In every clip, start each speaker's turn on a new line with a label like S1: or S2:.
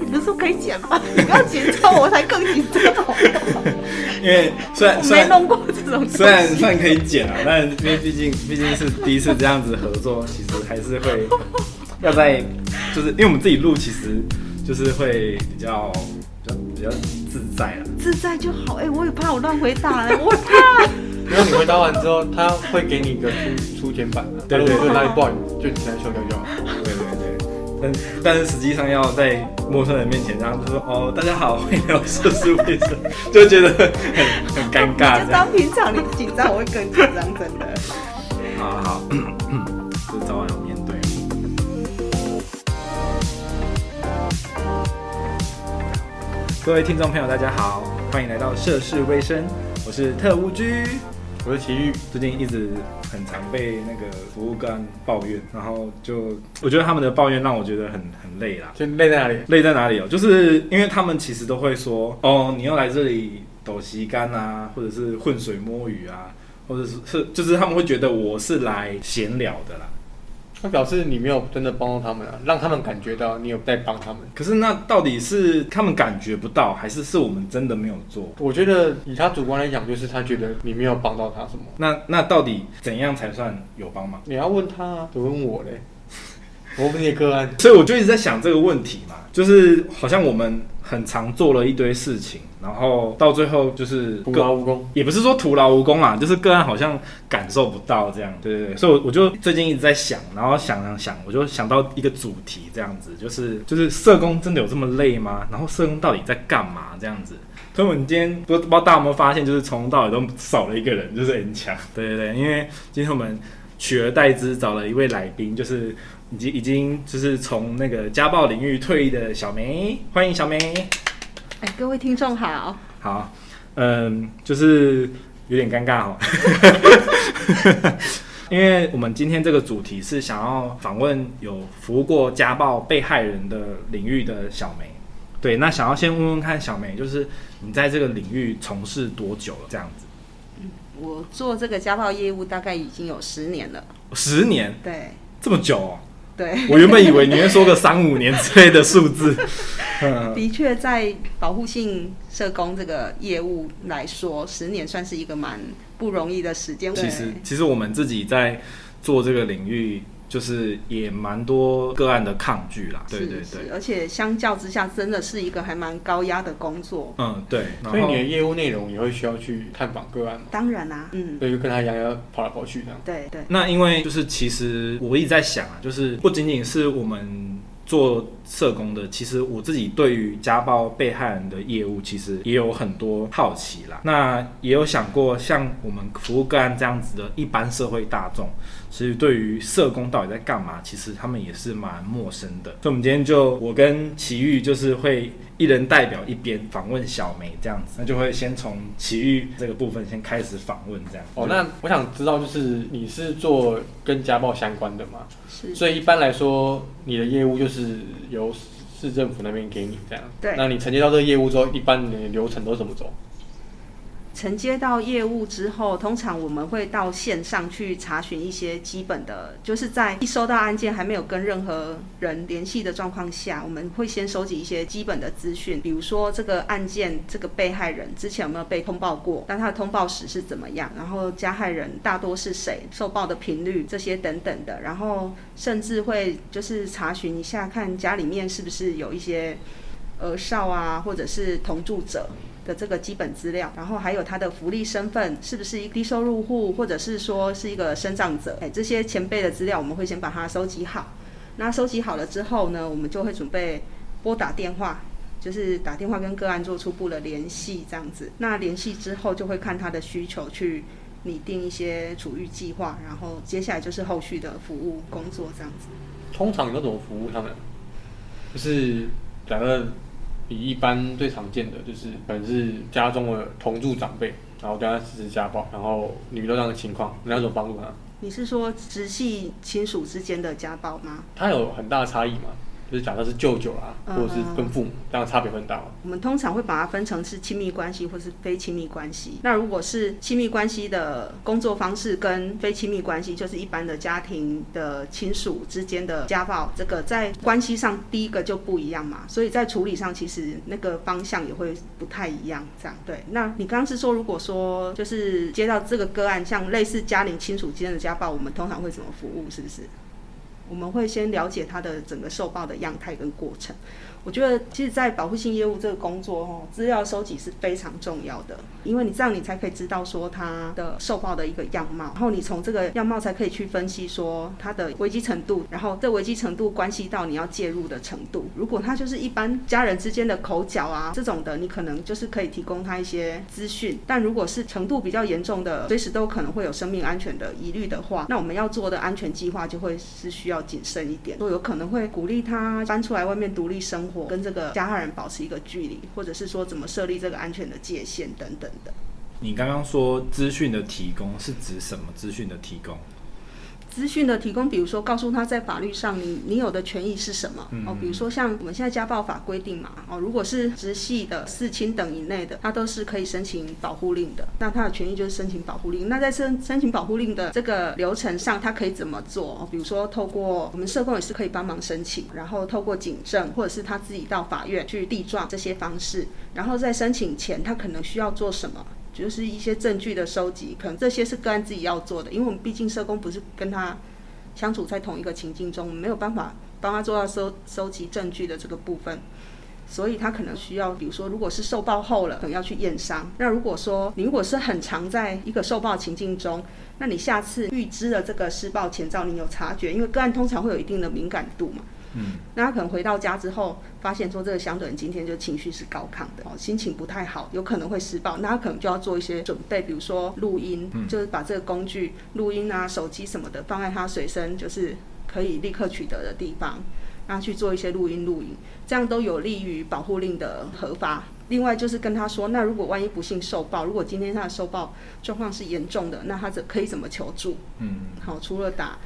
S1: 你不是說可以剪嗎？你不要剪掉，
S2: 我才更緊張。因為雖然，雖然沒弄
S1: 過這種雖，雖然算
S2: 可以剪啊， 但因為畢竟畢竟是第一次這樣子合作，其實還是會要在，就是因為我們自己錄，其
S3: 實就是會比較比較自在了、
S1: 啊，自在就好，哎、欸，我也怕我亂回答了、欸，我
S3: 怕。 因為你回答完之後，他會給你一個初初剪版的，對對對，哪裡不好你就直接修改就好。對對對，對，但 但是實際上
S2: 要在，陌生人面前這樣，然後就說：“哦，大家好，歡迎來到涉事衛生。 ”，就覺得很很尷尬。當
S1: 平常你緊張，我會更緊張，真的。
S2: 好好，咳咳，就早晚要面對。 各位聽眾朋友，大家好，歡迎來到《涉事衛生》，我是特務居。我覺得奇遇，最近一直很常被那個服務幹抱怨，然後就我覺得他們的抱怨讓我覺得很很累啦。就累在哪裡？累在哪裡哦？就是因為他們其實都會說：“哦，你要來這裡抖旗杆啊，或者是混水摸魚啊，或者是是就是他們會覺得我是來閒聊的啦。”他表示，你沒有真的幫到他們，啊，讓他們感覺到你有在幫他們。可是那到底是他們感覺不到，還是是我們真的沒有做？我覺得以他主觀來講，就是他覺得你沒有幫到他什麼。那那到底怎樣才算有幫忙？
S3: 你要問他啊，就問我嘞？
S2: 我問你個案啊。 所以我就一直在想這個問題嘛，就是好像我們。很常做了一堆事情，然後到最後就是徒勞無功，也不是說徒勞無功啊，就是個案好像感受不到這樣。對對對，所以我就最近一直在想，然後想想想，我就想到一個主題這樣子，就是就是社工真的有這麼累嗎？然後社工到底在幹嘛這樣子？所以我們今天不不知道大家有沒有發現，就是從頭到尾都少了一個人，就是 N 強。對對對，因為今天我們取而代之找了一位來賓，就是。以及已經就是從那個家暴領域退役的小梅，歡迎小梅。
S1: 哎，各位聽眾好。好，
S2: 嗯，就是有點尷尬哦， 因為我們今天這個主題是想要訪問有服務過家暴被害人的領域的小梅。對，那想要先問問看小梅，就是你在這個領域從事多久了？這樣子。
S1: 嗯，我做這個家暴業務大概已經有十年了。
S2: 十年？嗯、對。這麼久、哦。
S1: 對，我原本以為你會說
S2: 個三五年之類的數字。 的
S1: 確，在保護性社工這個業務來說，十年算是一個蠻不容易的時間。其實，
S2: 其實我們自己在做這個領域。就是也蠻多個案的抗拒啦，對對
S1: 對，而且相較之下，真的是一個還蠻高壓的工作。
S3: 嗯，對，所以你的業務內容也會需要去探訪個案，
S1: 當然啦、啊，嗯，
S3: 所以就跟他一樣要跑來跑去這樣。對對，那因為
S2: 就是其實我一直在想啊，就是不僅僅是我們。做社工的，其實我自己對於家暴被害人的業務，其實也有很多好奇啦。那也有想過，像我們服務個案這樣子的一般社會大眾，其實對於社工到底在幹嘛，其實他們也是蠻陌生的。所以，我們今天就我跟奇遇就是會。一人代表一邊訪問小梅這樣子，那就會先從其餘這個部分先開始訪問這樣子。哦，那
S3: 我想知道就是你是做跟家暴相關的嗎？是。所以一般來說，你的業務就是由市政府那邊給你這樣。對。那你承接到這個業務之後，一般你的流程都怎麼走？
S1: 承接到業務之後，通常我們會到線上去查詢一些基本的，就是在一收到案件還沒有跟任何人聯繫的狀況下，我們會先收集一些基本的資訊，比如說這個案件這個被害人之前有沒有被通報過，那他的通報史是怎麼樣，然後加害人大多是誰，受暴的頻率這些等等的，然後甚至會就是查詢一下看家裡面是不是有一些兒少啊，或者是同住者的這個基本資料，然後還有他的福利身份是不是一低收入戶，或者是說是一個身障者，哎，這些前輩的資料我們會先把它收集好。那收集好了之後呢，我們就會準備撥打電話，就是打電話跟個案做初步的聯繫，這樣子。那聯繫之後就會看他的需求去擬定一些處遇計劃，然後接下來就是後續的服務工作這樣子。
S3: 通常有種服務他們，就是兩個。比一般最常見的就是，可能是家中的同住長輩，然後對他實施家暴，然後你遇到這樣的情況，你要怎麼幫助他？
S1: 你是說直系親屬之間的家暴嗎？
S3: 他有很大的差異嗎？就是講他是舅舅啊，或者是跟父母，嗯，當然差別很大啊。
S1: 我們通常會把它分成是親密關係或者是非親密關係。那如果是親密關係的工作方式跟非親密關係，就是一般的家庭的親屬之間的家暴，這個在關係上第一個就不一樣嘛，所以在處理上其實那個方向也會不太一樣。這樣對。那你剛剛是說，如果說就是接到這個個案，像類似家庭親屬間的家暴，我們通常會怎麼服務，是不是？我們會先了解他的整個受暴的樣態跟過程。我覺得其實，在保護性業務這個工作哦，資料收集是非常重要的，因為你這樣你才可以知道說他的受暴的一個樣貌，然後你從這個樣貌才可以去分析說他的危機程度，然後這危機程度關係到你要介入的程度。如果他就是一般家人之間的口角啊這種的，你可能就是可以提供他一些資訊，但如果是程度比較嚴重的，隨時都可能會有生命安全的疑慮的話，那我們要做的安全計劃就會是需要謹慎一點，都有可能會鼓勵他搬出來外面獨立生活。跟這個加害人保持一個距離，或者是說怎麼設立這個安全的界限等等的。
S2: 你剛剛說資訊的提供是指什麼資訊的提供？
S1: 資訊的提供，比如說告訴他在法律上你你有的權益是什麼哦，比如說像我們現在家暴法規定嘛哦，如果是直系的、四親等以內的，他都是可以申請保護令的。那他的權益就是申請保護令。那在申申請保護令的這個流程上，他可以怎麼做？哦，比如說透過我們社工也是可以幫忙申請，然後透過警政或者是他自己到法院去遞狀這些方式。然後在申請前，他可能需要做什麼？就是一些證據的收集，可能這些是個案自己要做的，因為我們畢竟社工不是跟他相處在同一個情境中，我們沒有辦法幫他做到收收集證據的這個部分，所以他可能需要，比如說，如果是受暴後了，可能要去驗傷。那如果說你如果是很常在一個受暴情境中，那你下次預知了這個施暴前兆，你有察覺，因為個案通常會有一定的敏感度嘛。嗯，那他可能回到家之後，發現說這個相對人今天就情緒是高亢的哦，心情不太好，有可能會施暴，那他可能就要做一些準備，比如說錄音、嗯，就是把這個工具錄音啊，手機什麼的放在他隨身，就是可以立刻取得的地方，那去做一些錄音錄影，這樣都有利於保護令的核發。另外就是跟他說，那如果萬一不幸受暴，如果今天他的受暴狀況是嚴重的，那他怎可以怎麼求助？嗯，好，除了打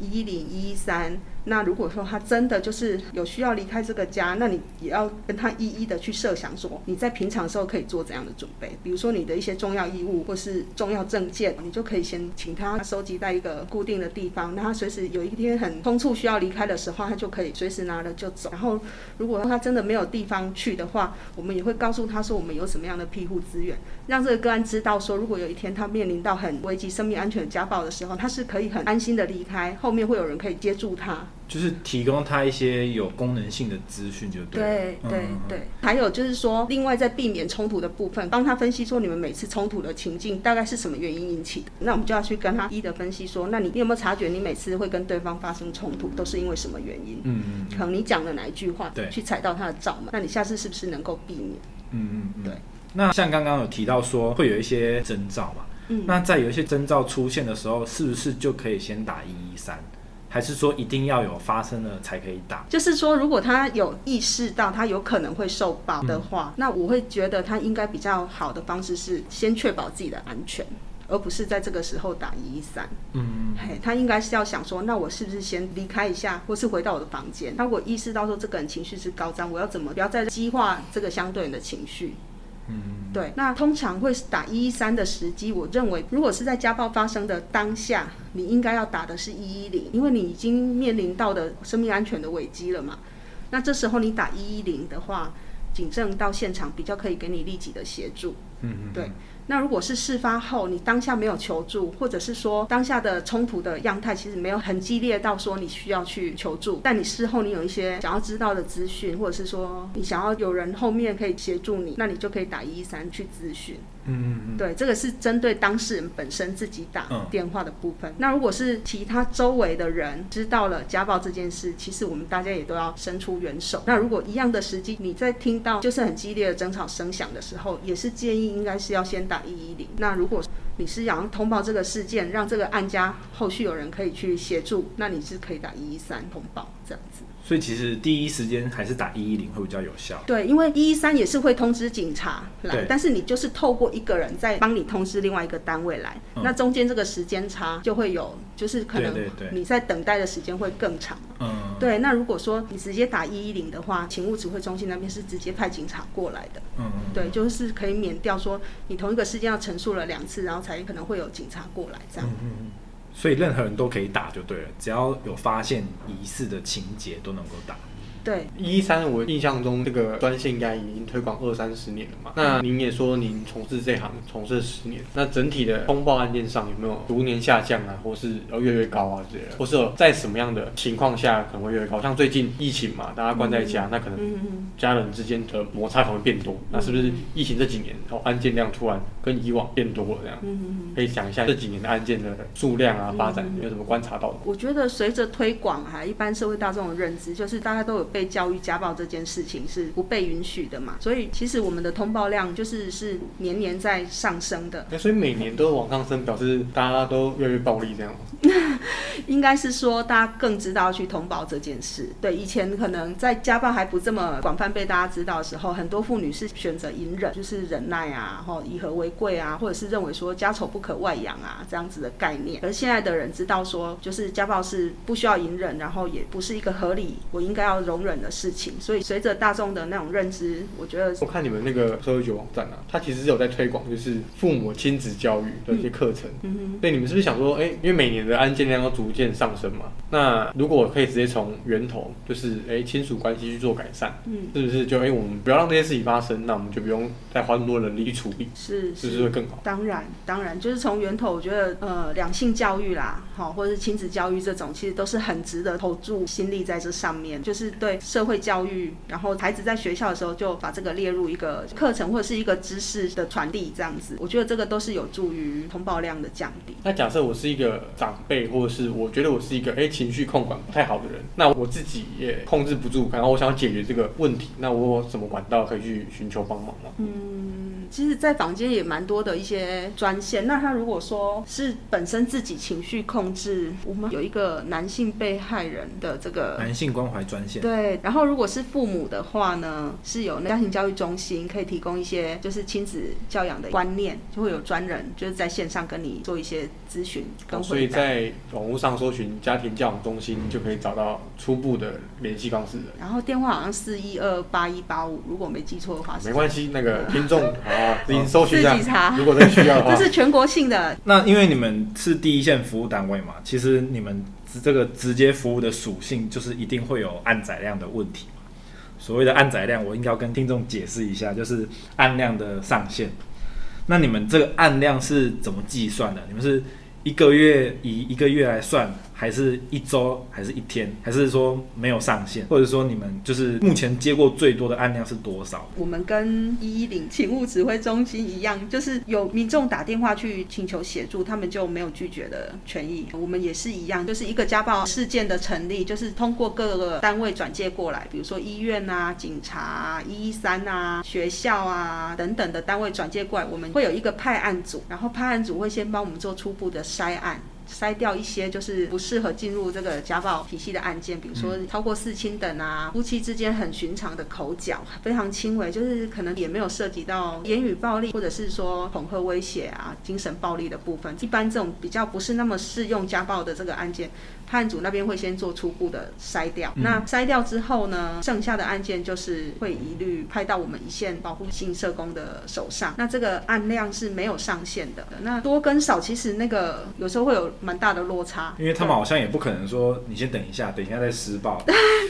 S1: 一一零、一一三。那如果說他真的就是有需要離開這個家，那你也要跟他一一的去設想說，你在平常時候可以做怎樣的準備。比如說你的一些重要衣物或是重要證件，你就可以先請他收集在一個固定的地方。那他隨時有一天很匆促需要離開的時候，他就可以隨時拿了就走。然後如果說他真的沒有地方去的話，我們也會告訴他說，我們有什麼樣的庇護資源，讓這個個案知道說，如果有一天他面臨到很危及生命安全的家暴的時候，他是可以很安心的離開，後面會有人可以接住他。
S2: 就是提供他一些有功能性的資訊就對，對。對
S1: 對，還有就是說，另外在避免衝突的部分，幫他分析說，你們每次衝突的情境大概是什麼原因引起的，那我們就要去跟他一的分析說，那你，你有沒有察覺你每次會跟對方發生衝突都是因為什麼原因？嗯，嗯嗯，可能你講了哪一句話？對，去踩到他的罩嘛，那你下次是不是能夠避免？嗯
S2: 嗯，嗯，對。那像剛剛有提到說會有一些徵兆嘛，嗯，那在有一些徵兆出現的時候，是不是就可以先打一一三？還是說一定要有發生了才可以打？
S1: 就是說，如果他有意識到他有可能會受暴的話，嗯，那我會覺得他應該比較好的方式是先確保自己的安全，而不是在這個時候打一一三。嗯，hey，他應該是要想說，那我是不是先離開一下，或是回到我的房間？他如果意識到說這個人情緒是高漲，我要怎麼不要再激化這個相對人的情緒？嗯，對，那通常會打一一三的時機，我認為如果是在家暴發生的當下，你應該要打的是一一零，因為你已經面臨到的生命安全的危機了嘛。那這時候你打一一零的話，警政到現場比較可以給你立即的協助。嗯嗯，對。那如果是事發後，你當下沒有求助，或者是說當下的衝突的樣態其實沒有很激烈到說你需要去求助，但你事後你有一些想要知道的資訊，或者是說你想要有人後面可以協助你，那你就可以打一一三去諮詢。嗯嗯嗯，對，這個是針對當事人本身自己打電話的部分。哦。那如果是其他周圍的人知道了家暴這件事，其實我們大家也都要伸出援手。那如果一樣的時機，你在聽到就是很激烈的爭吵聲響的時候，也是建議。應該是要先打一一零。那如果你是想要通報這個事件，讓這個案家後續有人可以去協助，那你是可以打一一三通報這樣子。
S2: 所以其實第一時間還是打一一零會比較有效。
S1: 對，因為一一三也是會通知警察來，但是你就是透過一個人在幫你通知另外一個單位來，嗯、那中間這個時間差就會有，就是可能你在等待的時間會更長。嗯，對。那如果說你直接打一一零的話，勤務指揮中心那邊是直接派警察過來的。嗯對，就是可以免掉說你同一個事件要陳述了兩次，然後才可能會有警察過來這樣。嗯嗯。
S2: 所以任何人都可以打就對了，只要有發現疑似的情節都能夠打。
S1: 對，
S3: 一、嗯、三，E3、我印象中這個專線應該已經推廣二三十年了嘛。嗯、那您也說您從事這行從事十年，那整體的通報案件上有沒有逐年下降啊，或是要越越高啊之類的？或者在什麼樣的情況下可能會越，越高？像最近疫情嘛，大家關在家、啊嗯，那可能家人之間的摩擦可能會變多、嗯。那是不是疫情這幾年然後案件量突然跟以往變多了這樣？嗯嗯、可以講一下這幾年的案件的數量啊發展，嗯、有什麼觀察到的？
S1: 我覺得隨着推廣哈、啊，一般社會大眾的認知就是大家都有。被教育，家暴這件事情是不被允許的嘛。所以其實我們的通報量就是是年年在上升的。
S3: 所以每年都往上升，表示大家都越來越暴力這樣？
S1: 應該是說大家更知道去通報這件事。對，以前可能在家暴還不這麼廣泛被大家知道的時候，很多婦女是選擇隱忍，就是忍耐啊，或以和為貴啊，或者是認為說家醜不可外揚啊這樣子的概念。而現在的人知道說，就是家暴是不需要隱忍，然後也不是一個合理，我應該要容人的事情，所以隨着大眾的那種認知，我覺得
S3: 我看你們那個社會局網站啊，它其實是有在推廣，就是父母親子教育的一些課程嗯。嗯哼，那你們是不是想說，哎、欸，因為每年的案件量要逐漸上升嘛？那如果可以直接從源頭，就是哎親屬關係去做改善，嗯，是不是就因為、欸、我們不要讓這些事情發生？那我們就不用再花那麼多人力去處理，是是不是會更
S1: 好？當然，當然，就是從源頭，我覺得呃兩性教育啦，好，或者是親子教育這種，其實都是很值得投注心力在這上面，就是對。社會教育，然後孩子在學校的時候就把這個列入一個課程或者是一個知識的傳遞，這樣子，我覺得這個都是有助於通報量的降低。
S3: 那假設我是一個長輩，或者是我覺得我是一個哎情緒控管不太好的人，那我自己也控制不住，然後我想解決這個問題，那我有什麼管道可以去尋求幫忙呢？
S1: 嗯。其實，在坊間也蠻多的一些專線。那他如果說是本身自己情緒控制，我們有一個男性被害人的這個男性關懷專線。對，然後如果是父母的話呢，是有那家庭教育中心可以提供一些就是親子教養的觀念，就會有專人就是在線上跟你做一些諮詢。哦，所以在
S3: 網絡上搜尋家庭教育中心，嗯、你就可以找到初步的聯繫方式。
S1: 然後電話好像四一二八一八五，如果沒記錯的話。是。沒關係，那個聽
S3: 眾。 好啊、自搜尋一下，如果這
S1: 需要的話，這是全國性的。那因
S2: 為你們是第一線服務單位嘛，其實你們這個直接服務的屬性，就是一定會有案載量的問題。所謂的案載量，我應該要跟聽眾解釋一下，就是案量的上限。那你們這個案量是怎麼計算的？你們是一個月，以一個月來算？還是一周，還是一天，還是說沒有上限？或者說你們就是目前接過最多的案量是多少？
S1: 我們跟一一零勤務指揮中心一樣，就是有民眾打電話去請求協助，他們就沒有拒絕的權益。我們也是一樣，就是一個家暴事件的成立，就是通過各個單位轉接過來，比如說醫院啊、警察、啊、一一三啊、學校啊等等的單位轉接過來，我們會有一個派案組，然後派案組會先幫我們做初步的篩案。篩掉一些就是不適合進入這個家暴體系的案件，比如說超過四親等啊，夫妻之間很尋常的口角，非常輕微，就是可能也沒有涉及到言語暴力或者是說恐嚇威脅啊，精神暴力的部分。一般這種比較不是那麼適用家暴的這個案件。判組那邊會先做初步的篩掉，嗯、那篩掉之後呢，剩下的案件就是會一律派到我們一線保護性社工的手上。那這個案量是沒有上限的，那多跟少其實那個有時候會有蠻大的落差。因
S2: 為他們好像也不可能說你先等一下，等一下再施暴、 啊，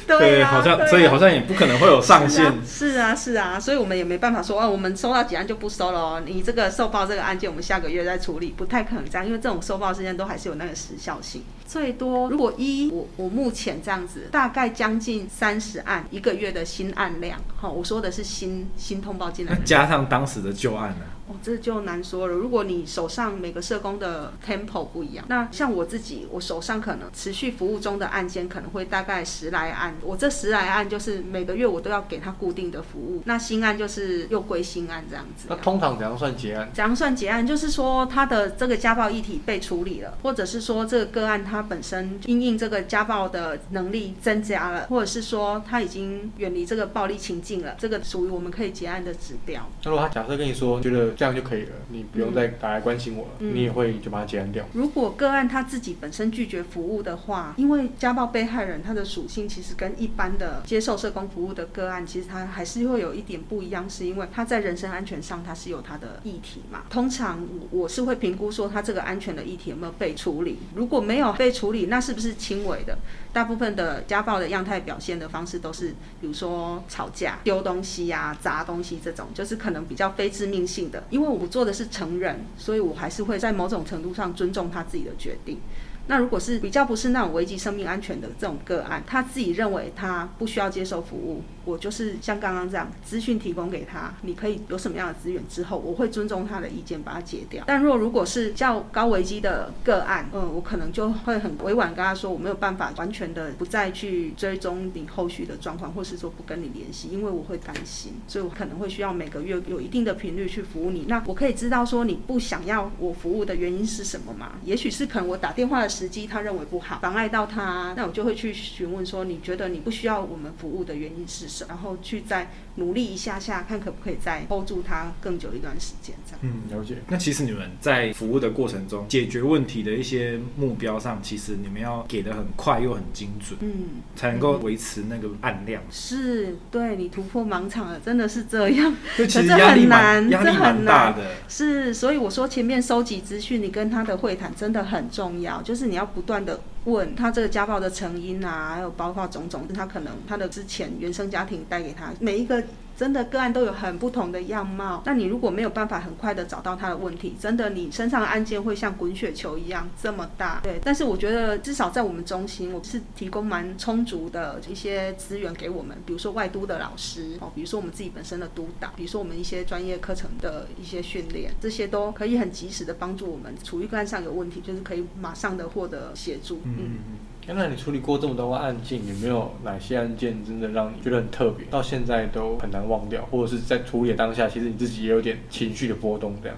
S2: 對，好
S1: 像對、啊、所以好像
S2: 也不可能會有上
S1: 限。 是啊是啊，是啊，所以我們也沒辦法說哦、呃，我們收到幾案就不收了、哦。你這個受報這個案件，我們下個月再處理，不太可能這樣，因為這種受報事件都還是有那個時效性。最多，如果一我我目前這樣子，大概將近三十案一個月的新案量。好，我說的是新新通報進來，加
S2: 上當時的舊案呢，啊？
S1: 哦，這就難說了。如果你手上每個社工的 tempo 不一樣，那像我自己，我手上可能持續服務中的案件可能會大概十來案。我這十來案就是每個月我都要給他固定的服務，那新案就是又歸新案這樣子。那
S3: 通常怎樣算結案？怎
S1: 樣算結案？就是說他的這個家暴議題被處理了，或者是說這個個案他本身因應這個家暴的能力增加了，或者是說他已經遠離這個暴力情境了，這個屬於我們可以結案的指標。那如
S3: 果他假設跟你說，你覺得這樣就可以了，你不用再打來關心我了，嗯、你也會就把它結案掉，嗯嗯。
S1: 如果個案他自己本身拒絕服務的話，因為家暴被害人他的屬性其實跟一般的接受社工服務的個案，其實他還是會有一點不一樣，是因為他在人身安全上他是有他的議題嘛。通常我我是會評估說他這個安全的議題有沒有被處理，如果沒有被處理，那是不是輕微的？大部分的家暴的樣態表現的方式都是，比如說吵架、丟東西啊、砸東西這種，就是可能比較非致命性的。因為我做的是成人，所以我還是會在某種程度上尊重他自己的決定。那如果是比較不是那種危及生命安全的這種個案，他自己認為他不需要接受服務，我就是像剛剛這樣資訊提供給他，你可以有什麼樣的資源之後，我會尊重他的意見把它解掉。但若如果是較高危機的個案，嗯，我可能就會很委婉跟他說，我沒有辦法完全的不再去追蹤你後續的狀況，或是說不跟你聯繫，因為我會擔心，所以我可能會需要每個月有一定的頻率去服務你。那我可以知道說你不想要我服務的原因是什麼嗎？也許是可能我打電話。時機他認為不好，妨礙到他，那我就會去詢問說，你覺得你不需要我們服務的原因是什麼，然後去在。努力一下下，看可不可以再 hold 住他更久一段時間，這樣。
S2: 嗯，了解。那其實你們在服務的過程中，解決問題的一些目標上，其實你們要給的很快又很精準，嗯，才能夠維持那個案量。是，
S1: 對，你突破盲場了，真的是這樣。這其實壓力蠻大的。是，所以我說前面收集資訊，你跟他的會談真的很重要，就是你要不斷的。問他這個家暴的成因啊，還有包括種種，他可能他的之前原生家庭帶給他每一個。真的個案都有很不同的樣貌，那你如果沒有辦法很快的找到他的問題，真的你身上的案件會像滾雪球一樣這麼大。對，但是我覺得至少在我們中心，我是提供蠻充足的一些資源給我們，比如說外督的老師哦，比如說我們自己本身的督導，比如說我們一些專業課程的一些訓練，這些都可以很及時的幫助我們，處於個案上有問題，就是可以馬上的獲得協助。嗯嗯。
S3: 原來你處理過這麼多個案件，有沒有哪些案件真的讓你覺得很特別，到現在都很難忘掉，或者是在處理當下，其實你自己也有點情緒的波動？這樣？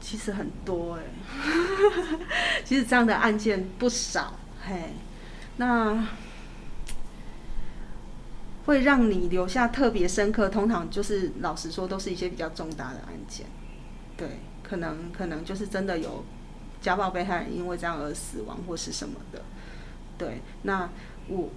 S1: 其實很多哎，其實這樣的案件不少嘿。那會讓你留下特別深刻，通常就是老實說，都是一些比較重大的案件。對，可能可能就是真的有。家暴被害人因為這樣而死亡或是什麼的，對。那我、哦、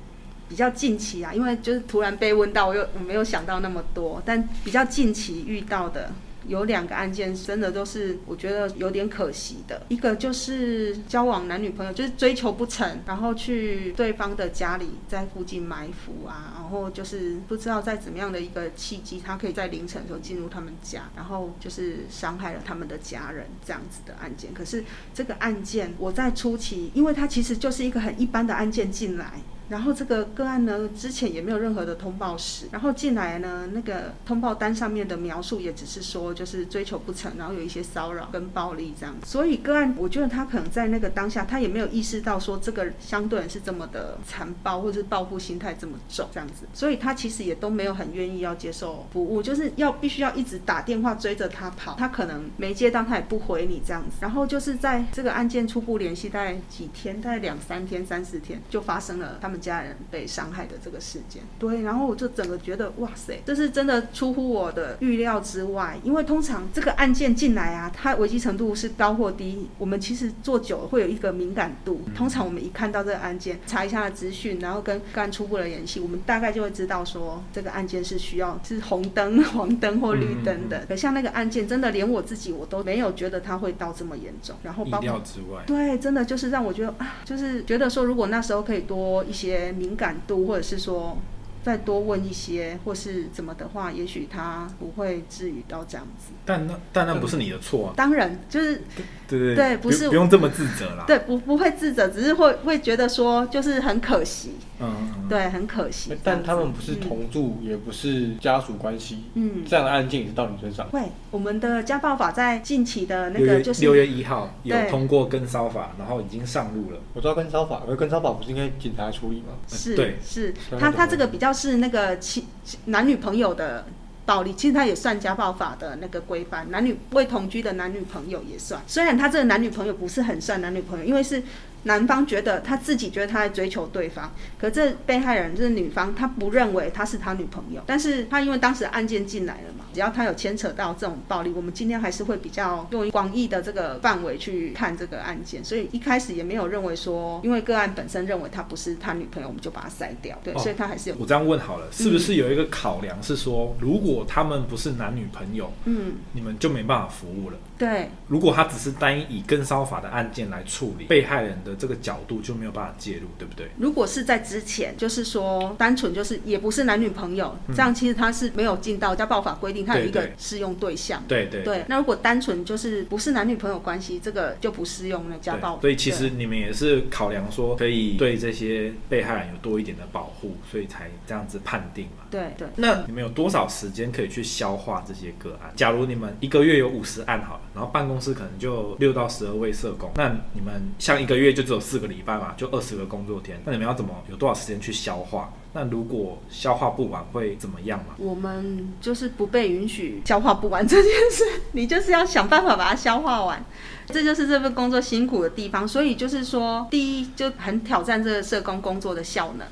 S1: 比較近期啊，因為就是突然被問到，我又我沒有想到那麼多，但比較近期遇到的。有兩個案件真的都是我覺得有點可惜的。一個就是交往男女朋友，就是追求不成，然後去對方的家裡、在附近埋伏啊，然後就是不知道在怎麼樣的一個契機，他可以在凌晨的時候進入他們家，然後就是傷害了他們的家人這樣子的案件。可是這個案件我在初期，因為它其實就是一個很一般的案件進來。然後這個個案呢，之前也沒有任何的通報史。然後進來呢，那個通報單上面的描述也只是說，就是追求不成，然後有一些騷擾跟暴力這樣子。所以個案，我覺得他可能在那個當下，他也沒有意識到說，這個相對人是這麼的殘暴，或者是報復心態這麼重這樣子。所以他其實也都沒有很願意要接受服務，就是要必須要一直打電話追着他跑。他可能沒接到，他也不回你這樣子。然後就是在這個案件初步聯繫大概幾天，大概兩三天、三四天，就發生了他們。家人被傷害的這個事件，對，然後我就整個覺得哇塞，這是真的出乎我的預料之外。因為通常這個案件進來啊，它危機程度是高或低，我們其實做久了會有一個敏感度、嗯。通常我們一看到這個案件，查一下資訊，然後跟個案初步的聯繫，我們大概就會知道說這個案件是需要是紅燈、黃燈或綠燈的嗯嗯嗯。可像那個案件，真的連我自己我都沒有覺得它會到這麼嚴重，然後包括意料之外，對，真的就是讓我覺得啊，就是覺得說如果那時候可以多一些。敏感度，或者是說再多問一些，或是怎麼的話，也許他不會至於到這樣子。
S2: 但那但那不是你的錯、啊嗯，
S1: 當然就是對對對，對不是不，不用這
S2: 麼自責
S3: 啦。對，
S1: 不不會自責，只是會會覺得說，就是很可惜。嗯，對，很可
S3: 惜。但他們不是同住，嗯、也不是家屬關係。嗯，這樣的案件也是到你身上的。
S1: 會，我們的家暴法在近期的那個，就是六月
S3: 一號有通過跟騷法，然後已經上路了。我知道跟騷法，因為跟騷法不是應該警察處理嗎？是，對，是，是。他他這個
S1: 比較是那個親男女朋友的暴力。其實他也算家暴法的那個規範，男女未同居的男女朋友也算。雖然他這個男女朋友不是很算男女朋友，因為是。男方覺得他自己覺得他在追求對方，可這被害人這是女方，她不認為他是他女朋友，但是他因為當時案件進來了嘛。只要他有牽扯到這種暴力，我們今天還是會比較用廣義的這個範圍去看這個案件，所以一開始也沒有認為說，因為個案本身認為他不是他女朋友，我們就把它篩掉。對、哦，所以他還是有。我這樣
S2: 問好了，是不是有一個考量，是說、嗯，如果他們不是男女朋友，嗯，你們就沒辦法服務了。對。如果他只是單一以，以跟騷法的案件來處理，被害人的這個角度就沒有辦法介入，對不對？
S1: 如果是在之前，就是說單純就是也不是男女朋友，嗯、這樣其實他是沒有進到家暴法規定。他有一個適用對象，對對、對對對，那如果單純就是不是男女朋友關係，這個就不適用了。家暴。
S2: 所以其實你們也是考量說，可以對這些被害人有多一點的保護，所以才這樣子判定。對，對，那你們有多少時間可以去消化這些個案？假如你們一個月有五十案好了，然後辦公室可能就六到十二位社工，那你們像一個月就只有四個禮拜嘛，就二十個工作天，那你們要怎麼有多少時間去消化？那如果消化不完會怎麼樣嘛？
S1: 我們就是不被允許消化不完這件事，你就是要想辦法把它消化完，這就是這份工作辛苦的地方。所以就是說，第一就很挑戰這個社工工作的效能。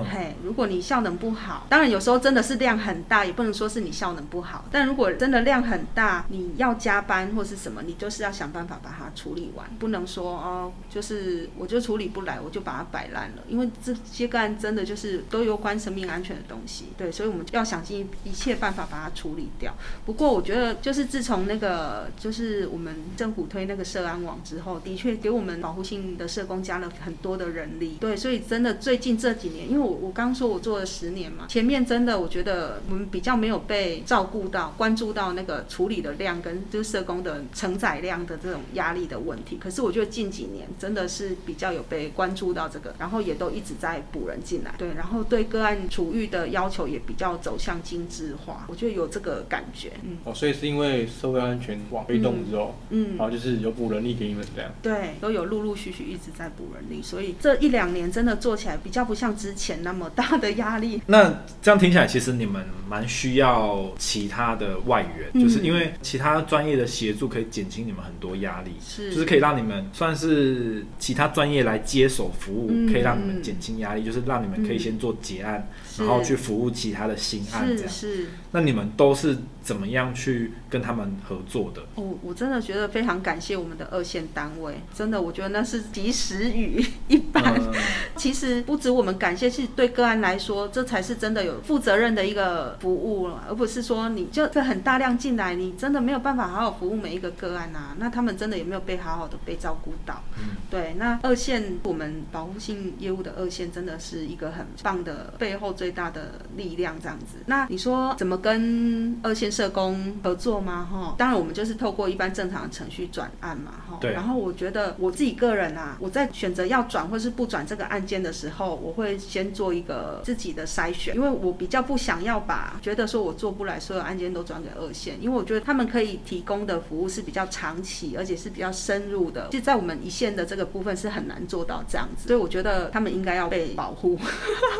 S1: 嘿、hey，如果你效能不好，當然有時候真的是量很大，也不能說是你效能不好。但如果真的量很大，你要加班或是什麼，你就是要想辦法把它處理完，不能說哦，就是我就處理不來，我就把它擺爛了。因為這些個案真的就是都有關生命安全的東西，對，所以我們要想盡一切辦法把它處理掉。不過我覺得，就是自從那個就是我們政府推那個社安網之後，的確給我們保護性的社工加了很多的人力，對，所以真的最近這幾年，因為我我剛說我做了十年嘛，前面真的我覺得我們比較沒有被照顧到、關注到那個處理的量跟就是社工的承載量的這種壓力的問題。可是我覺得近幾年真的是比較有被關注到這個，然後也都一直在補人進來，對，然後對個案處遇的要求也比較走向精緻化，我覺得有這個感覺。嗯。
S3: 哦，所以是因為社會安全網被動之後，嗯，然後就是有補人力給你們這樣，
S1: 對，都有陸陸續續一直在補人力，所以這一兩年真的做起來比較不像之前。那麼大的壓力，那
S2: 這樣聽起來，其實你們蠻需要其他的外援，嗯、就是因為其他專業的協助可以減輕你們很多壓力，就是可以讓你們算是其他專業來接手服務，嗯、可以讓你們減輕壓力，就是讓你們可以先做結案、嗯，然後去服務其他的新案這樣。是，
S1: 是
S2: 那你們都是。怎麼樣去跟他們合作的？
S1: 我、哦、我真的覺得非常感謝我們的二線單位，真的，我覺得那是及時雨一般、嗯。其實不止我們感謝，是對個案來說，這才是真的有負責任的一個服務了，而不是說你就這很大量進來，你真的沒有辦法好好服務每一個個案啊。那他們真的也沒有被好好的被照顧到。嗯，對。那二線我們保護性業務的二線真的是一個很棒的背後最大的力量，這樣子。那你說怎麼跟二線社工合作嗎？哈，當然，我們就是透過一般正常的程序轉案嘛，哈。對。然後我覺得我自己個人啊，我在選擇要轉或是不轉這個案件的時候，我會先做一個自己的篩選，因為我比較不想要把覺得說我做不來所有案件都轉給二線，因為我覺得他們可以提供的服務是比較長期而且是比較深入的，其實在我們一線的這個部分是很難做到這樣子，所以我覺得他們應該要被保護。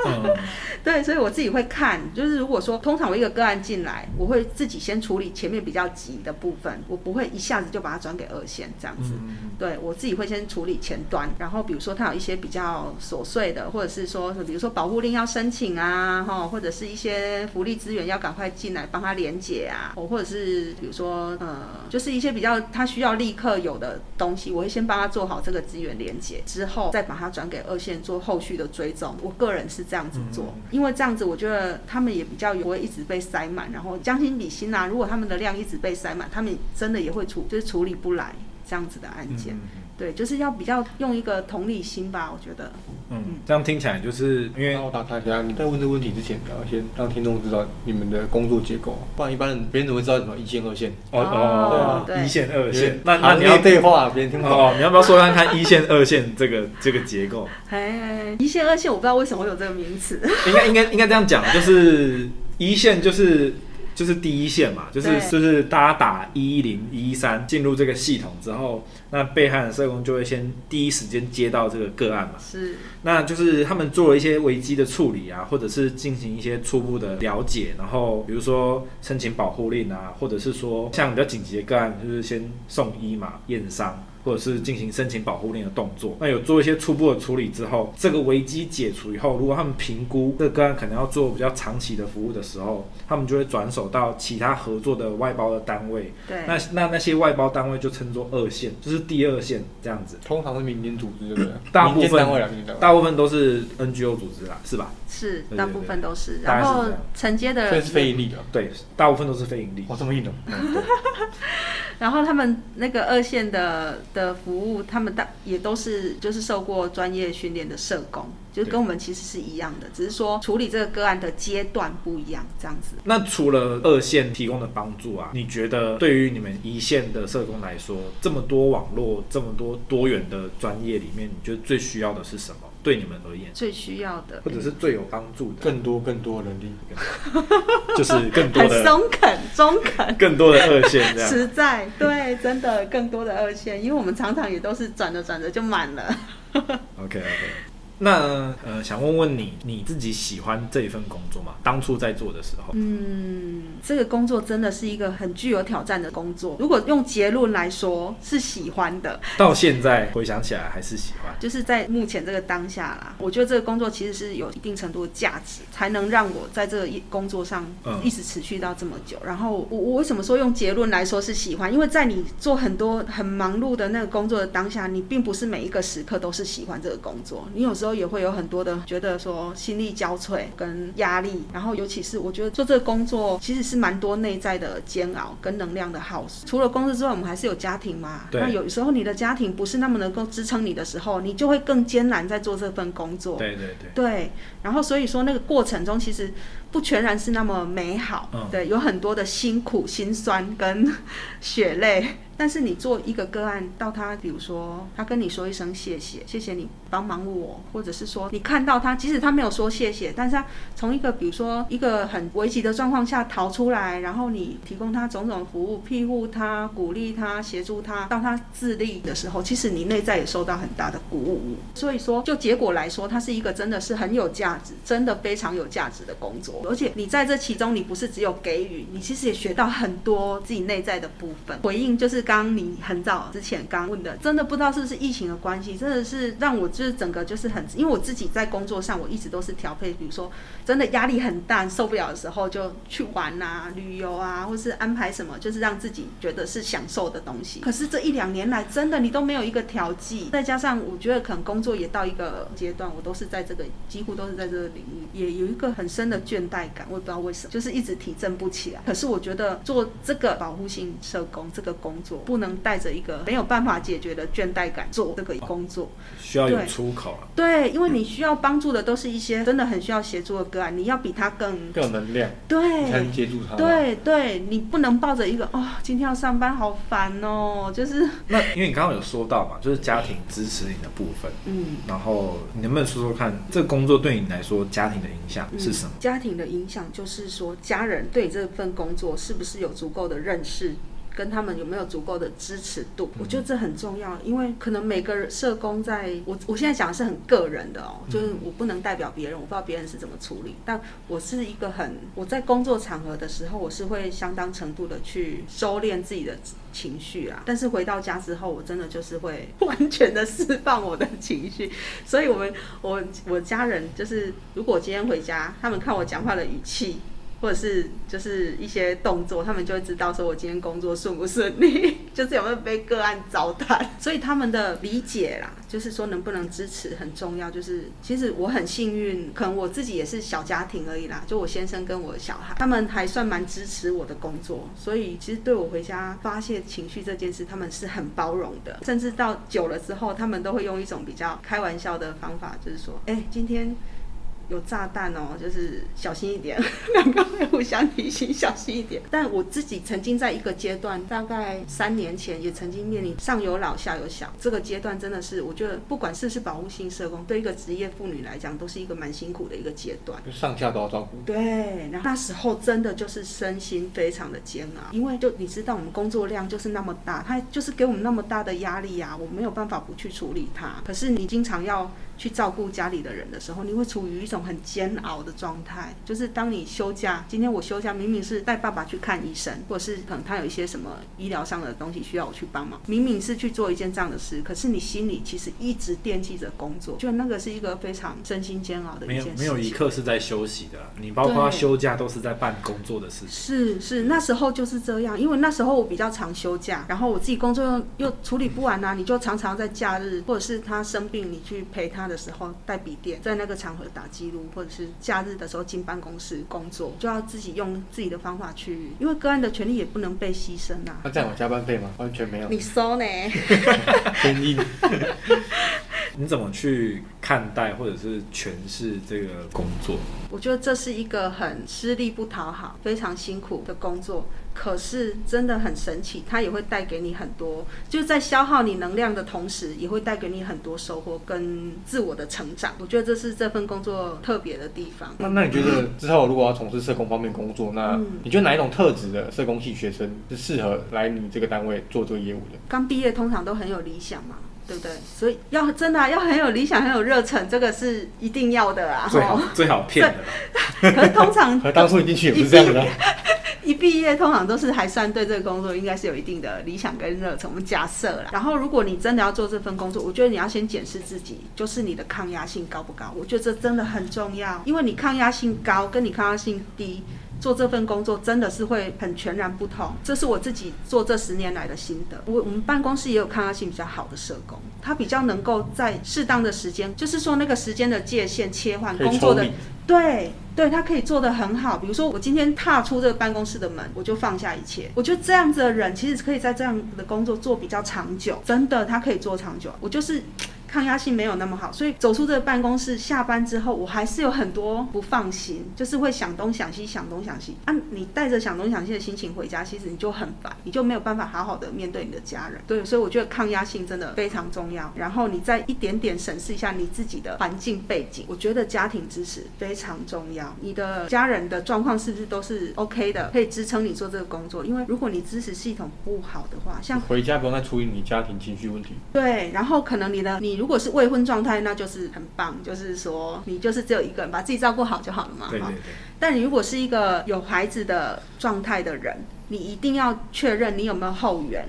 S1: 嗯。 對，所以我自己會看，就是如果說通常我一個個案進來，我會。自己先處理前面比較急的部分，我不會一下子就把它轉給二線這樣子。嗯嗯，對，我自己會先處理前端，然後比如說他有一些比較瑣碎的，或者是說，比如說保護令要申請啊，哈，或者是一些福利資源要趕快進來幫他連結啊，或者是比如說，呃、嗯，就是一些比較他需要立刻有的東西，我會先幫他做好這個資源連結，之後再把它轉給二線做後續的追蹤。我個人是這樣子做，嗯嗯，因為這樣子我覺得他們也比較不會一直被塞滿，然後將心比心啊！如果他們的量一直被塞滿，他們真的也會處就是處理不來這樣子的案件，嗯。對，就是要比較用一個同理心吧，我覺得。嗯，
S3: 嗯，這樣聽起來就是因為。我打大家，你在問這個問題之前，你要先讓聽眾知道你們的工作結構。哦喔，不然一般人別人怎麼會知道什麼一線二線？哦、喔、哦、喔，對，一線二線。那，那你要，要你要對話，啊，別人聽不懂，喔喔喔喔。你要不要說看看一 線
S2: 二線這個這個結構？
S1: 哎，欸，一線二線，我不知道為什麼會有這個名詞。應該應
S2: 該應該這樣講，就是一線就是。就是第一線嘛，就是就是大家打一一零、一一三進入這個系統之後，那被害人社工就會先第一時間接到這個個案嘛。是，那就是他們做了一些危機的處理啊，或者是進行一些初步的了解，然後比如說申請保護令啊，或者是說像比較緊急的個案，就是先送醫嘛，驗傷。或者是進行申請保護令的動作，那有做一些初步的處理之後，這個危機解除以後，如果他們評估這個個案可能要做比較長期的服務的時候，他們就會轉手到其他合作的外包的單位。對，那那那些外包單位就稱作二線，就是第二線這樣子。通常是民間組織，對不對、嗯？大部分、啊啊、大部分都是 NGO 組織啦，是吧？是，對對
S1: 對對大部分都是。然後，然後，然後承接的是非營利、
S2: 啊，的對，大部分都是非營利。我、哦、這麼硬的。嗯、
S1: 然後他們那個二線的的服務，他們大也都是就是受過專業訓練的社工，就跟我們其實是一樣的，只是說處理這個個案的階段不一樣，這樣子。
S2: 那除了二線提供的幫助啊，你覺得對於你們一線的社工來說，這麼多網絡、這麼多多元的專業裡面，你覺得最需要的是什麼？對你們而
S1: 言，最需要的，或者是
S2: 最有幫助的，更
S3: 多更多的力量，更
S1: 多 就是更多的中肯、中肯，
S3: 更多的二線， 實
S1: 在對，真的更多的二線，因為我們常常也都是轉着轉着就滿了。
S2: OK，OK okay, okay.。那呃，想問問你，你自己喜歡這一份工作嗎？當初在做的時候，
S1: 嗯，這個工作真的是一個很具有挑戰的工作。如果用結論來說，是喜歡的。到
S2: 現在 回想起來還是喜歡。
S1: 就是在目前這個當下啦，我覺得這個工作其實是有一定程度的價值，才能讓我在這個工作上一直持續到這麼久。嗯。然後我我為什麼說用結論來說是喜歡？因為在你做很多很忙碌的那個工作的當下，你並不是每一個時刻都是喜歡這個工作。你有時候。也會有很多的覺得說心力交瘁跟壓力，然後尤其是我覺得做這個工作其實是蠻多內在的煎熬跟能量的耗損。除了工作之外，我們還是有家庭嘛。那有時候你的家庭不是那麼能夠支撐你的時候，你就會更艱難在做這份工作。對對對，對。然後所以說那個過程中其實。不全然是那麼美好，對，有很多的辛苦、辛酸跟血淚。但是你做一個個案，到他，比如說他跟你說一聲謝謝，謝謝你幫忙我，或者是說你看到他，即使他沒有說謝謝，但是他從一個比如說一個很危急的狀況下逃出來，然後你提供他種種服務、庇護他、鼓勵他、協助他，到他自立的時候，其實你內在也受到很大的鼓舞。所以說，就結果來說，它是一個真的是很有價值，真的非常有價值的工作。而且你在這其中，你不是只有給予，你其實也學到很多自己內在的部分。回應就是剛你很早之前剛問的，真的不知道是不是疫情的關係，真的是讓我就是整個就是很，因為我自己在工作上我一直都是調配，比如說真的壓力很大受不了的時候，就去玩啊、旅遊啊，或是安排什麼，就是讓自己覺得是享受的東西。可是這一兩年來，真的你都沒有一個調劑，再加上我覺得可能工作也到一個階段，我都是在這個幾乎都是在這個領域，也有一個很深的倦怠。代感，我也不知道為什麼，就是一直提振不起來。可是我覺得做這個保護性社工這個工作，不能帶着一個沒有辦法解決的倦怠感做這個工作，啊，需要有出口啊。對，嗯，因為你需要幫助的都是一些真的很需要協助的個案，你要比他更更
S3: 有能量，對，才能接住他。對，
S1: 對你不能抱着一個哦，今天要上班好煩哦，就是
S2: 那 因為你剛剛有說到嘛，就是家庭支持你的部分，嗯，然後你能不能說說看，這個，工作對你來說家庭的影響是什麼？嗯，
S1: 家庭的。影響就是說，家人對這份工作是不是有足夠的認識？跟他們有沒有足夠的支持度？我覺得這很重要，因為可能每個社工在我，我現在講的是很個人的哦，就是我不能代表別人，我不知道別人是怎麼處理。但我是一個很，我在工作場合的時候，我是會相當程度的去收斂自己的情緒啊。但是回到家之後，我真的就是會完全的釋放我的情緒。所以我們，我，我家人就是，如果我今天回家，他們看我講話的語氣。或者是就是一些動作，他們就會知道說我今天工作順不順利，就是有沒有被個案糟蹋。所以他們的理解啦，就是說能不能支持很重要。就是其實我很幸運，可能我自己也是小家庭而已啦。就我先生跟我小孩，他們還算蠻支持我的工作。所以其實對我回家發洩情緒這件事，他們是很包容的。甚至到久了之後，他們都會用一種比較開玩笑的方法，就是說，哎、欸，今天，有炸彈哦，就是小心一點，兩個人互相提醒小心一點。但我自己曾經在一個階段，大概三年前，也曾經面臨上有老下有小這個階段，真的是我覺得，不管是不是保護性社工，對一個職業婦女來講，都是一個蠻辛苦的一個階段，
S3: 就上下都要照顧。
S1: 對，然後那時候真的就是身心非常的煎熬，因為就你知道，我們工作量就是那麼大，它就是給我們那麼大的壓力啊，我沒有辦法不去處理它。可是你經常要。去照顧家裡的人的時候，你會處於一種很煎熬的狀態。就是當你休假，今天我休假，明明是帶爸爸去看醫生，或者是可能他有一些什麼醫療上的東西需要我去幫忙，明明是去做一件這樣的事，可是你心裡其實一直惦記着工作，就那個是一個非常身心煎熬的一件事。沒有沒有一刻
S2: 是在休息的，你包括他休假都是在辦工作的事情。
S1: 是是，那時候就是這樣，因為那時候我比較常休假，然後我自己工作又又處理不完吶，啊，嗯，你就常常在假日，或者是他生病，你去陪他的時候帶筆電在那個場合打記錄，或者是假日的時候進辦公室工作，就要自己用自己的方法去，因為個案的權利也不能被犧牲啊。那這樣有
S3: 加班費嗎？完全沒有。你說呢？ 天
S2: 意英。 你怎麼去看待或者是詮釋這個工作？
S1: 我覺得這是一個很吃力不討好、非常辛苦的工作。可是真的很神奇，它也會帶給你很多，就在消耗你能量的同時，也會帶給你很多收穫跟自我的成長。我覺得這是這份工作特別的地方。那、嗯、那你覺得
S3: 之後如果要從事社工方面工作，那你覺得哪一種特質的社工系學生是適合來你這個單位做這個業務的？
S1: 剛畢業通常都很有理想嘛，對不對？所以要真的、啊、要很有理想、很有熱忱，這個是一定要的啊。最好、
S3: 哦、最好騙 的。可
S1: 是通常 當
S3: 初一進去也不是這樣的、啊。
S1: 畢業通常都是還算對這個工作應該是有一定的理想跟熱忱，我們假設啦。然後如果你真的要做這份工作，我覺得你要先檢視自己，就是你的抗壓性高不高？我覺得這真的很重要，因為你抗壓性高，跟你抗壓性低，做這份工作真的是會很全然不同。這是我自己做這十年來的心得。我我們辦公室也有抗壓性比較好的社工，他比較能夠在適當的時間，就是說那個時間的界限切換工作的。對對，他可以做得很好。比如說，我今天踏出這個辦公室的門，我就放下一切。我覺得這樣子的人，其實可以在這樣的工作做比較長久。真的，他可以做長久。我就是。抗壓性沒有那麼好，所以走出這個辦公室下班之後，我還是有很多不放心，就是會想東想西，想東想西啊。你帶着想東想西的心情回家，其實你就很煩，你就沒有辦法好好的面對你的家人。對，所以我覺得抗壓性真的非常重要。然後你再一點點審視一下你自己的環境背景，我覺得家庭支持非常重要。你的家人的狀況是不是都是 OK 的，可以支撐你做這個工作？因為如果你支持系統不好的話，像
S3: 回家不用再處理你家庭情緒問題。
S1: 對，然後可能你的你。如果是未婚狀態，那就是很棒，就是說你就是只有一個人把自己照顧好就好了嘛。對對對。但你如果是一個有孩子的狀態的人，你一定要確認你有沒有後援。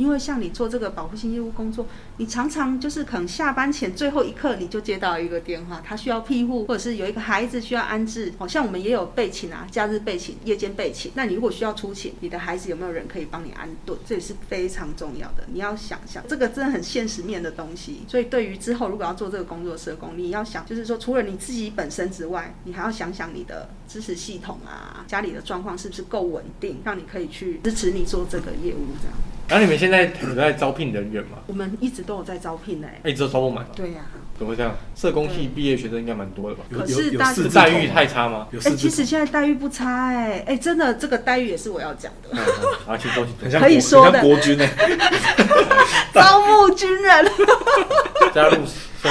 S1: 因為像你做這個保護性業務工作，你常常就是可能下班前最後一刻，你就接到一個電話，他需要庇護，或者是有一個孩子需要安置。好、哦、像我們也有備勤啊，假日備勤、夜間備勤。那你如果需要出勤，你的孩子有沒有人可以幫你安頓？這也是非常重要的。你要想想，這個真的很現實面的東西。所以對於之後如果要做這個工作，社工你要想，就是說除了你自己本身之外，你還要想想你的支持系統啊，家裡的狀況是不是夠穩定，讓你可以去支持你做這個業務這樣。然後
S3: 你現在有在招聘人員嗎？
S1: 我們一直都有在招聘呢、欸。哎、欸，一直招不滿。對呀、
S3: 啊，怎麼會這樣？社工系畢、啊、業學生應該蠻多的吧？有、有、有、有、啊、是待遇太差嗎？哎、欸，其實
S1: 現在待遇不差、欸，哎，哎，真的，這個待遇也是我要講的，而且都是可以說的，國軍呢， 招募軍人 ，
S3: 加入。
S1: 對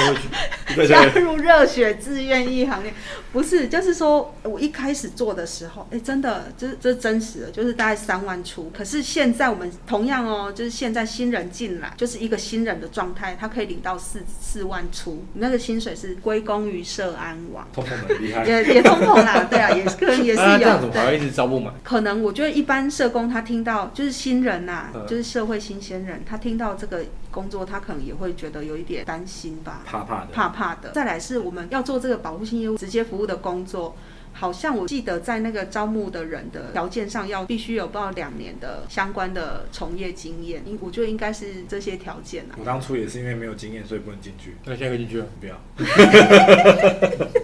S1: 對對 加入熱血志願意行列，不是就是說，我一開始做的時候，哎、欸，真的，就是這是真實的，就是大概三萬出。可是現在我們同樣哦，就是現在新人進來，就是一個新人的狀態，他可以領到四四萬出。你那個薪水是歸功於社安網，通通很厲害， 也也通通啦。對啊，也可能也是有。 啊、這樣子一直招不滿。對，可能我覺得一般社工他聽到就是新人吶、啊嗯，就是社會新鮮人，他聽到這個工作他可能也會覺得有一點擔心吧，怕怕的，怕怕的。再來是我們要做這個保護性業務直接服務的工作，好像我記得在那個招募的人的條件上要必須有不到兩年的相關的從業經驗，應我覺得應該是這些條件啊。我
S2: 當初也是因為沒有經驗，所以不能進去。
S3: 那現在可以進去了？不要，比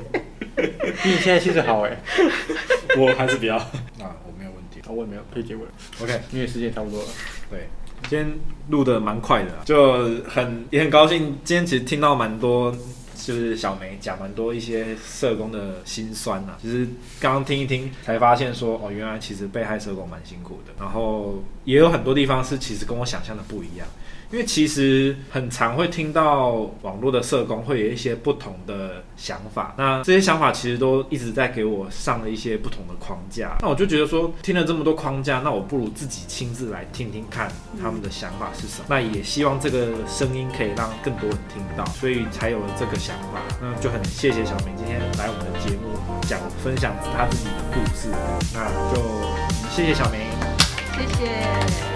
S3: 你現在其實好哎、欸， 我還是不要 啊，我沒有問題，啊、我也沒有可以接吻。OK，因為時間差不多
S2: 了，對。今天錄的蠻快的，啊，就很也很高興。今天其實聽到蠻多，就是小梅講蠻多一些社工的辛酸吶、啊。其實剛剛聽一聽，才發現說哦，原來其實被害社工蠻辛苦的。然後也有很多地方是其實跟我想象的不一樣。因為其實很常會聽到網絡的社工會有一些不同的想法，那這些想法其實都一直在給我上了一些不同的框架，那我就覺得說聽了這麼多框架，那我不如自己親自來聽聽看他們的想法是什麼？嗯，那也希望這個聲音可以讓更多人聽到，所以才有了這個想法，那就很謝謝小明今天來我們的節目講分享他自己的故事，那就謝謝小明，謝謝。